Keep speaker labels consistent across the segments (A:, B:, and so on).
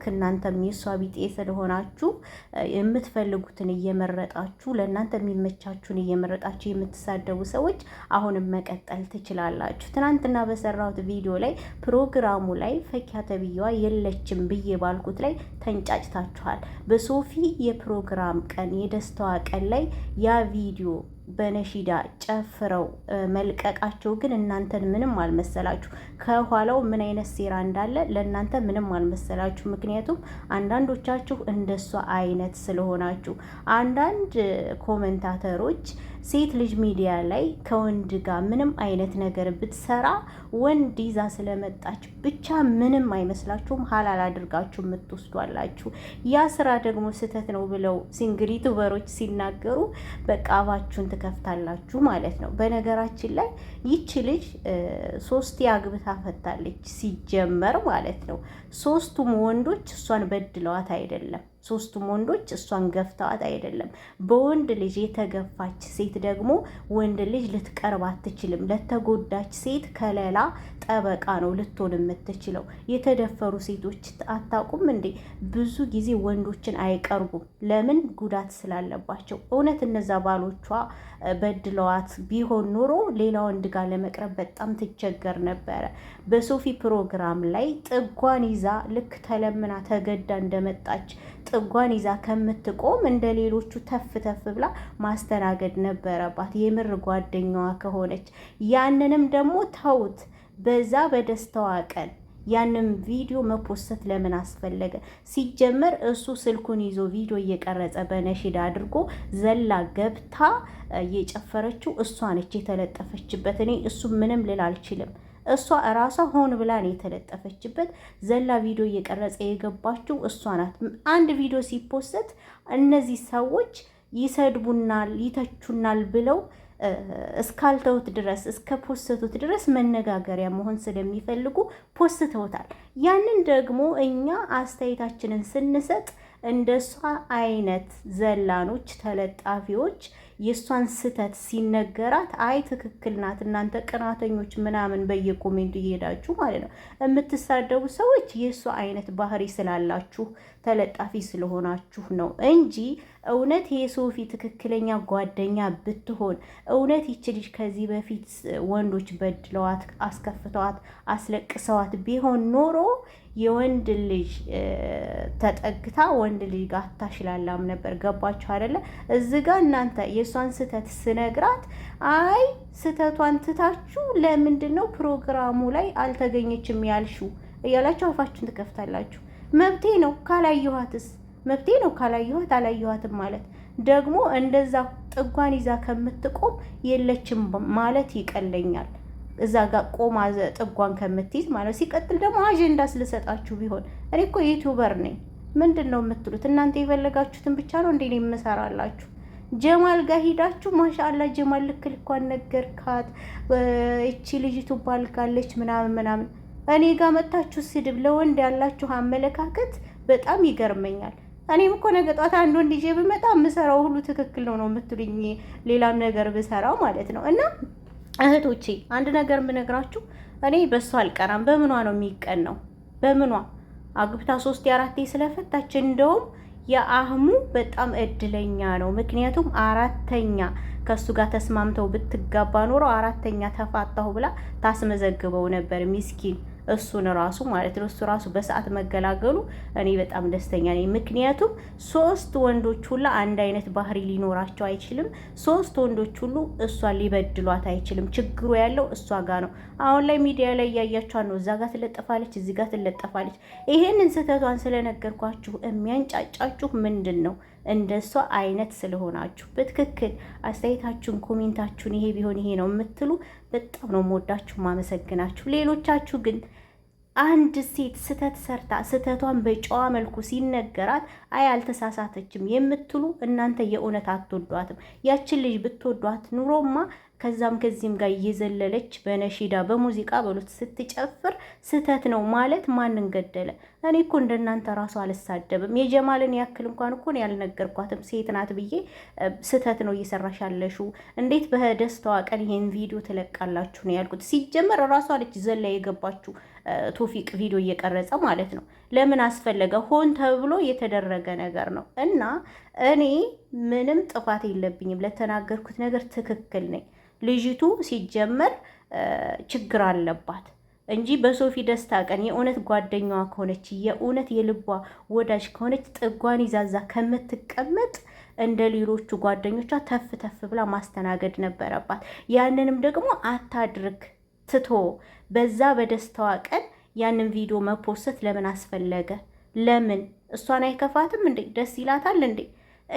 A: ልክ እናንተም የእሷ ቢጤ ስለሆናችሁ የምትፈልጉትን እየመረጣችሁ ለእናንተ የሚመቻችሁን እየመረጣችሁ የምትሳደቡ ሰዎች አሁንም መቀጠል ትችላላችሁ። ትናንትና በሰራሁት ቪዲዮ ላይ ፕሮግራሙ ላይ ፈኪያ ተብዬዋ የለችም ብዬ ባልኩት ላይ ተንጫጭታችኋል። በሶፊ የፕሮግራም ቀን የደስታዋ ቀን ላይ ያ ቪዲዮ በነሺዳ ጨፍረው መልቀቃቸው ግን እናንተን ምንም አልመሰላችሁ። ከኋላው ምን አይነት ሴራ እንዳለ ለእናንተ ምንም አልመሰላችሁ። ምክንያቱም አንዳንዶቻችሁ እንደሷ አይነት ስለሆናችሁ አንዳንድ ኮመንታተሮች ሴት ልጅ ሚዲያ ላይ ከወንድ ጋር ምንም አይነት ነገር ብትሰራ ወንድ ይዛ ስለመጣች ብቻ ምንም አይመስላችሁም፣ ሀላል አድርጋችሁ የምትወስዷላችሁ። ያ ስራ ደግሞ ስህተት ነው ብለው ሲንግሊ ቱበሮች ሲናገሩ በቃ አፋችሁን ትከፍታላችሁ ማለት ነው። በነገራችን ላይ ይቺ ልጅ ሶስት አግብታ ፈታለች ሲጀመር ማለት ነው። ሶስቱም ወንዶች እሷን በድለዋት አይደለም ሶስቱም ወንዶች እሷን ገፍተዋት አይደለም። በወንድ ልጅ የተገፋች ሴት ደግሞ ወንድ ልጅ ልትቀርብ አትችልም። ለተጎዳች ሴት ከለላ ጠበቃ ነው ልትሆን የምትችለው። የተደፈሩ ሴቶች አታውቁም እንዴ? ብዙ ጊዜ ወንዶችን አይቀርቡም። ለምን? ጉዳት ስላለባቸው። እውነት እነዛ ባሎቿ በድለዋት ቢሆን ኖሮ ሌላ ወንድ ጋር ለመቅረብ በጣም ትቸገር ነበረ። በሶፊ ፕሮግራም ላይ ጥጓን ይዛ ልክ ተለምና ተገዳ እንደመጣች ጥጓን ይዛ ከምትቆም እንደ ሌሎቹ ተፍ ተፍ ብላ ማስተናገድ ነበረባት፣ የምር ጓደኛዋ ከሆነች። ያንንም ደግሞ ተውት፣ በዛ በደስታዋ ቀን ያንም ቪዲዮ መፖሰት ለምን አስፈለገ? ሲጀመር እሱ ስልኩን ይዞ ቪዲዮ እየቀረጸ በነሽድ አድርጎ ዘላ ገብታ እየጨፈረችው እሷ ነች የተለጠፈችበት። እኔ እሱ ምንም ልል አልችልም። እሷ እራሷ ሆን ብላ ነው የተለጠፈችበት። ዘላ ቪዲዮ እየቀረጸ የገባችው እሷ ናት። አንድ ቪዲዮ ሲፖሰት እነዚህ ሰዎች ይሰድቡናል፣ ይተቹናል ብለው እስካልተውት ድረስ እስከ ፖስተቱት ድረስ መነጋገሪያ መሆን ስለሚፈልጉ ፖስተውታል። ያንን ደግሞ እኛ አስተያየታችንን ስንሰጥ እንደሷ አይነት ዘላኖች፣ ተለጣፊዎች የእሷን ስህተት ሲነገራት አይ ትክክል ናት እናንተ ቅናተኞች ምናምን በየኮሜንቱ እየሄዳችሁ ማለት ነው የምትሳደቡ ሰዎች የእሷ አይነት ባህሪ ስላላችሁ ተለጣፊ ስለሆናችሁ ነው እንጂ እውነት የሶፊ ትክክለኛ ጓደኛ ብትሆን እውነት ይች ልጅ ከዚህ በፊት ወንዶች በድለዋት፣ አስከፍተዋት፣ አስለቅሰዋት ቢሆን ኖሮ የወንድ ልጅ ተጠግታ ወንድ ልጅ ጋር ታሽላላም ነበር። ገባችሁ አይደለ? እዚ ጋር እናንተ የእሷን ስህተት ስነግራት አይ ስህተቷን ትታችሁ ለምንድን ነው ፕሮግራሙ ላይ አልተገኘችም ያልሽው እያላችሁ አፋችሁን ትከፍታላችሁ። መብቴ ነው ካላየኋትስ? መብቴ ነው ካላየኋት አላየኋትም ማለት ደግሞ እንደዛ ጥጓን ይዛ ከምትቆም የለችም ማለት ይቀለኛል። እዛ ጋር ቆማ ጥጓን ከምትይዝ ማለት ሲቀጥል ደግሞ አጀንዳ ስለሰጣችሁ ቢሆን እኔ እኮ ዩቱበር ነኝ ምንድን ነው የምትሉት እናንተ የፈለጋችሁትን ብቻ ነው እንዴ የምሰራላችሁ ጀማል ጋር ሂዳችሁ ማሻአላ ጀማል ልክል ልኳን ነገርካት እቺ ልጅቱ ባልጋለች ምናምን ምናምን እኔ ጋር መታችሁ ስድብ ለወንድ ያላችሁ አመለካከት በጣም ይገርመኛል እኔም እኮ ነገ ጧት አንድ ወንድ ይዤ ብመጣ የምሰራው ሁሉ ትክክል ነው ነው የምትሉኝ ሌላም ነገር ብሰራው ማለት ነው እና እህቶቼ አንድ ነገር የምነግራችሁ እኔ በእሱ አልቀናም። በምኗ ነው ነው በምኗ አግብታ ሶስት የአራቴ ስለፈታች እንደውም የአህሙ በጣም እድለኛ ነው። ምክንያቱም አራተኛ ከእሱ ጋር ተስማምተው ብትጋባ ኖረው አራተኛ ተፋታሁ ብላ ታስመዘግበው ነበር ሚስኪን። እሱን ራሱ ማለት ነው። እሱ ራሱ በሰዓት መገላገሉ እኔ በጣም ደስተኛ ነኝ። ምክንያቱም ሶስት ወንዶች ሁላ አንድ አይነት ባህሪ ሊኖራቸው አይችልም። ሶስት ወንዶች ሁሉ እሷን ሊበድሏት አይችልም። ችግሩ ያለው እሷ ጋር ነው። አሁን ላይ ሚዲያ ላይ እያያችኋት ነው። እዛ ጋር ትለጠፋለች፣ እዚህ ጋር ትለጠፋለች። ይሄንን ስህተቷን ስለነገርኳችሁ የሚያንጫጫችሁ ምንድን ነው? እንደ እሷ አይነት ስለሆናችሁ በትክክል አስተያየታችሁን፣ ኮሜንታችሁን ይሄ ቢሆን ይሄ ነው የምትሉ በጣም ነው የምወዳችሁ ማመሰግናችሁ። ሌሎቻችሁ ግን አንድ ሴት ስተት ሰርታ ስተቷን በጨዋ መልኩ ሲነገራት አይ አልተሳሳተችም የምትሉ እናንተ የእውነት አትወዷትም። ያችን ልጅ ብትወዷት ኑሮማ ከዛም ከዚህም ጋር እየዘለለች በነሺዳ በሙዚቃ በሉት ስትጨፍር ስተት ነው ማለት ማንን ገደለ? እኔ እኮ እንደናንተ ራሱ አልሳደብም። የጀማልን ያክል እንኳን እኮ ያልነገርኳትም ሴት ናት ብዬ ስህተት ነው እየሰራሽ ያለሹ። እንዴት በደስታዋ ቀን ይሄን ቪዲዮ ትለቃላችሁ ነው ያልኩት። ሲጀመር ራሷ አለች ዘላ የገባችሁ ቶፊቅ ቪዲዮ እየቀረጸ ማለት ነው። ለምን አስፈለገ? ሆን ተብሎ የተደረገ ነገር ነው እና እኔ ምንም ጥፋት የለብኝም። ለተናገርኩት ነገር ትክክል ነኝ። ልጅቱ ሲጀመር ችግር አለባት። እንጂ በሶፊ ደስታ ቀን የእውነት ጓደኛዋ ከሆነች የእውነት የልቧ ወዳጅ ከሆነች ጥጓን ይዛዛ ከምትቀመጥ እንደ ሌሎቹ ጓደኞቿ ተፍ ተፍ ብላ ማስተናገድ ነበረባት። ያንንም ደግሞ አታድርግ ትቶ በዛ በደስታዋ ቀን ያንን ቪዲዮ መፖሰት ለምን አስፈለገ? ለምን እሷን አይከፋትም እንዴ? ደስ ይላታል እንዴ?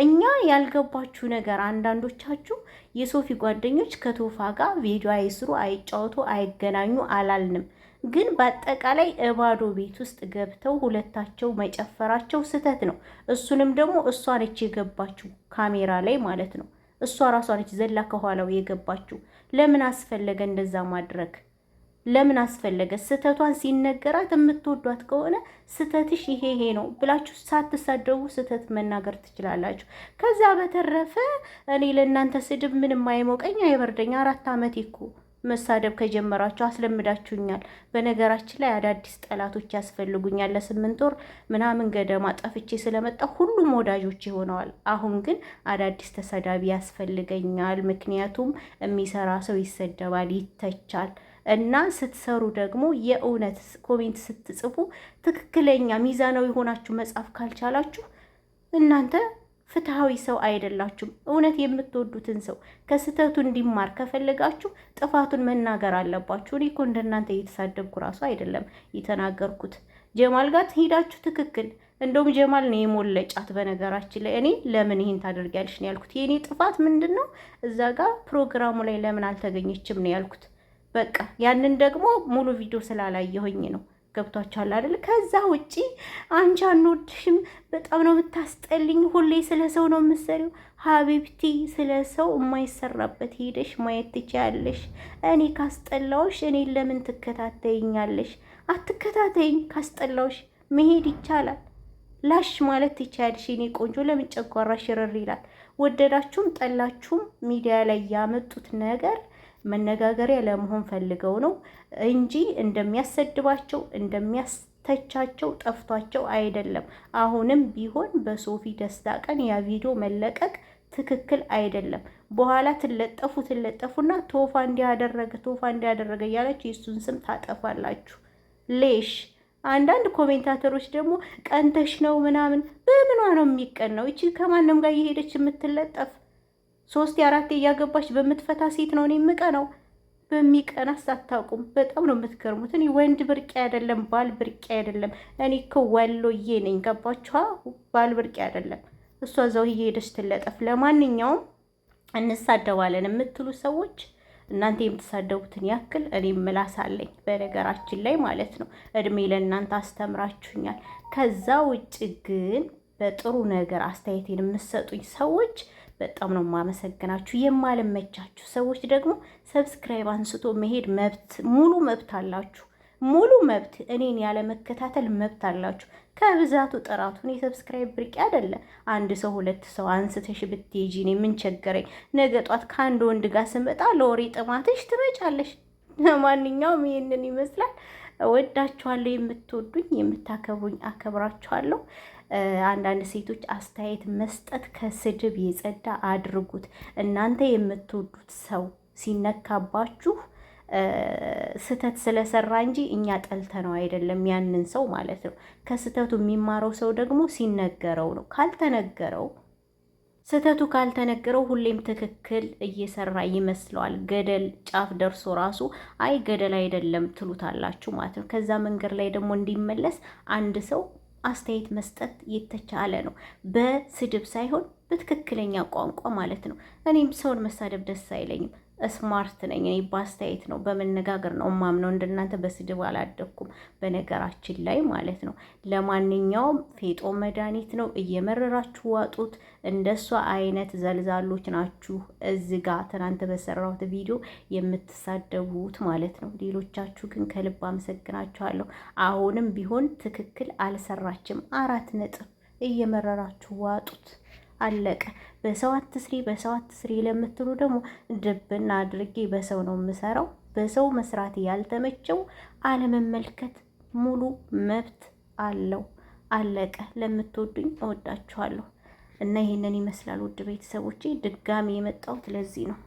A: እኛ ያልገባችሁ ነገር አንዳንዶቻችሁ የሶፊ ጓደኞች ከቶፋ ጋር ቪዲዮ አይስሩ፣ አይጫወቱ፣ አይገናኙ አላልንም። ግን በአጠቃላይ እባዶ ቤት ውስጥ ገብተው ሁለታቸው መጨፈራቸው ስህተት ነው። እሱንም ደግሞ እሷ ነች የገባችው ካሜራ ላይ ማለት ነው። እሷ ራሷ ነች ዘላ ከኋላው የገባችው። ለምን አስፈለገ እንደዛ ማድረግ? ለምን አስፈለገ? ስህተቷን ሲነገራት የምትወዷት ከሆነ ስህተትሽ ይሄ ይሄ ነው ብላችሁ ሳትሳደቡ ስህተት መናገር ትችላላችሁ። ከዛ በተረፈ እኔ ለእናንተ ስድብ ምንም አይሞቀኝ አይበርደኝ። አራት ዓመት እኮ መሳደብ ከጀመራችሁ አስለምዳችሁኛል። በነገራችን ላይ አዳዲስ ጠላቶች ያስፈልጉኛል። ለስምንት ወር ምናምን ገደማ ጠፍቼ ስለመጣ ሁሉም ወዳጆች ሆነዋል። አሁን ግን አዳዲስ ተሰዳቢ ያስፈልገኛል። ምክንያቱም የሚሰራ ሰው ይሰደባል፣ ይተቻል እና ስትሰሩ ደግሞ የእውነት ኮሜንት ስትጽፉ ትክክለኛ ሚዛናዊ የሆናችሁ መጻፍ ካልቻላችሁ እናንተ ፍትሐዊ ሰው አይደላችሁም። እውነት የምትወዱትን ሰው ከስህተቱ እንዲማር ከፈለጋችሁ ጥፋቱን መናገር አለባችሁ። እኔ እኮ እንደናንተ እየተሳደብኩ ራሱ አይደለም የተናገርኩት። ጀማል ጋር ሄዳችሁ ትክክል እንደውም ጀማል ነው የሞለጫት። በነገራችን ላይ እኔ ለምን ይሄን ታደርጊያለሽ ነው ያልኩት። የእኔ ጥፋት ምንድን ነው? እዛ ጋር ፕሮግራሙ ላይ ለምን አልተገኘችም ነው ያልኩት። በቃ ያንን ደግሞ ሙሉ ቪዲዮ ስላላየሁኝ ነው። ገብቷችኋል አይደል? ከዛ ውጪ አንቺ አንወድሽም፣ በጣም ነው የምታስጠልኝ፣ ሁሌ ስለ ሰው ነው የምትሰሪው። ሀቢብቲ ስለ ሰው የማይሰራበት ሄደሽ ማየት ትችያለሽ። እኔ ካስጠላውሽ እኔ ለምን ትከታተይኛለሽ? አትከታተይኝ። ካስጠላውሽ መሄድ ይቻላል፣ ላሽ ማለት ትችያለሽ። እኔ ቆንጆ ለምን ሽረር ይላል? ወደዳችሁም ጠላችሁም ሚዲያ ላይ ያመጡት ነገር መነጋገሪያ ለመሆን ፈልገው ነው እንጂ እንደሚያሰድባቸው እንደሚያስተቻቸው ጠፍቷቸው አይደለም። አሁንም ቢሆን በሶፊ ደስታ ቀን ያ ቪዲዮ መለቀቅ ትክክል አይደለም። በኋላ ትለጠፉ ትለጠፉና ቶፋ እንዲያደረገ ቶፋ እንዲያደረገ እያላችሁ የእሱን ስም ታጠፋላችሁ። ሌሽ አንዳንድ ኮሜንታተሮች ደግሞ ቀንተሽ ነው ምናምን። በምኗ ነው የሚቀን ነው? እቺ ከማንም ጋር እየሄደች የምትለጠፍ ሶስት አራቴ እያገባች በምትፈታ ሴት ነው እኔ የምቀናው። በሚቀናስ አታውቁም። በጣም ነው የምትገርሙት። እኔ ወንድ ብርቄ አይደለም፣ ባል ብርቄ አይደለም። እኔ እኮ ወሎዬ ነኝ። ገባችኋ? ባል ብርቄ አይደለም። እሷ እዛው እየሄደች ትለጠፍ። ለማንኛውም እንሳደባለን የምትሉ ሰዎች እናንተ የምትሳደቡትን ያክል እኔ ምላስ አለኝ፣ በነገራችን ላይ ማለት ነው። እድሜ ለእናንተ አስተምራችሁኛል። ከዛ ውጭ ግን በጥሩ ነገር አስተያየቴን የምትሰጡኝ ሰዎች በጣም ነው የማመሰግናችሁ። የማልመቻችሁ ሰዎች ደግሞ ሰብስክራይብ አንስቶ መሄድ መብት ሙሉ መብት አላችሁ። ሙሉ መብት እኔን ያለመከታተል መብት አላችሁ። ከብዛቱ ጥራቱን የሰብስክራይብ ብርቅ አይደለ። አንድ ሰው ሁለት ሰው አንስተሽ ብትሄጂ እኔ ምን ቸገረኝ? ነገ ጧት ከአንድ ወንድ ጋር ስመጣ ለወሬ ጥማትሽ ትመጫለሽ። ለማንኛውም ይህንን ይመስላል። ወዳችኋለሁ። የምትወዱኝ የምታከብሩኝ፣ አከብራችኋለሁ። አንዳንድ ሴቶች አስተያየት መስጠት ከስድብ የጸዳ አድርጉት። እናንተ የምትወዱት ሰው ሲነካባችሁ ስህተት ስለሰራ እንጂ እኛ ጠልተ ነው አይደለም ያንን ሰው ማለት ነው። ከስህተቱ የሚማረው ሰው ደግሞ ሲነገረው ነው። ካልተነገረው ስህተቱ ካልተነገረው ሁሌም ትክክል እየሰራ ይመስለዋል። ገደል ጫፍ ደርሶ ራሱ አይ ገደል አይደለም ትሉታላችሁ ማለት ነው። ከዛ መንገድ ላይ ደግሞ እንዲመለስ አንድ ሰው አስተያየት መስጠት የተቻለ ነው። በስድብ ሳይሆን በትክክለኛ ቋንቋ ማለት ነው። እኔም ሰውን መሳደብ ደስ አይለኝም። ስማርት ነኝ እኔ በአስተያየት ነው በመነጋገር ነው እማምነው እንደናንተ በስድብ አላደግኩም በነገራችን ላይ ማለት ነው ለማንኛውም ፌጦ መድኃኒት ነው እየመረራችሁ ዋጡት እንደሷ አይነት ዘልዛሎች ናችሁ እዚህ ጋ ትናንት በሰራሁት ቪዲዮ የምትሳደቡት ማለት ነው ሌሎቻችሁ ግን ከልብ አመሰግናችኋለሁ አሁንም ቢሆን ትክክል አልሰራችም አራት ነጥብ እየመረራችሁ ዋጡት አለቀ። በሰው አትስሪ በሰው አትስሪ ለምትሉ ደግሞ ድብና አድርጌ በሰው ነው የምሰራው። በሰው መስራት ያልተመቸው አለመመልከት ሙሉ መብት አለው። አለቀ። ለምትወዱኝ እወዳችኋለሁ እና ይህንን ይመስላል ውድ ቤተሰቦቼ። ድጋሚ የመጣሁት ለዚህ ነው።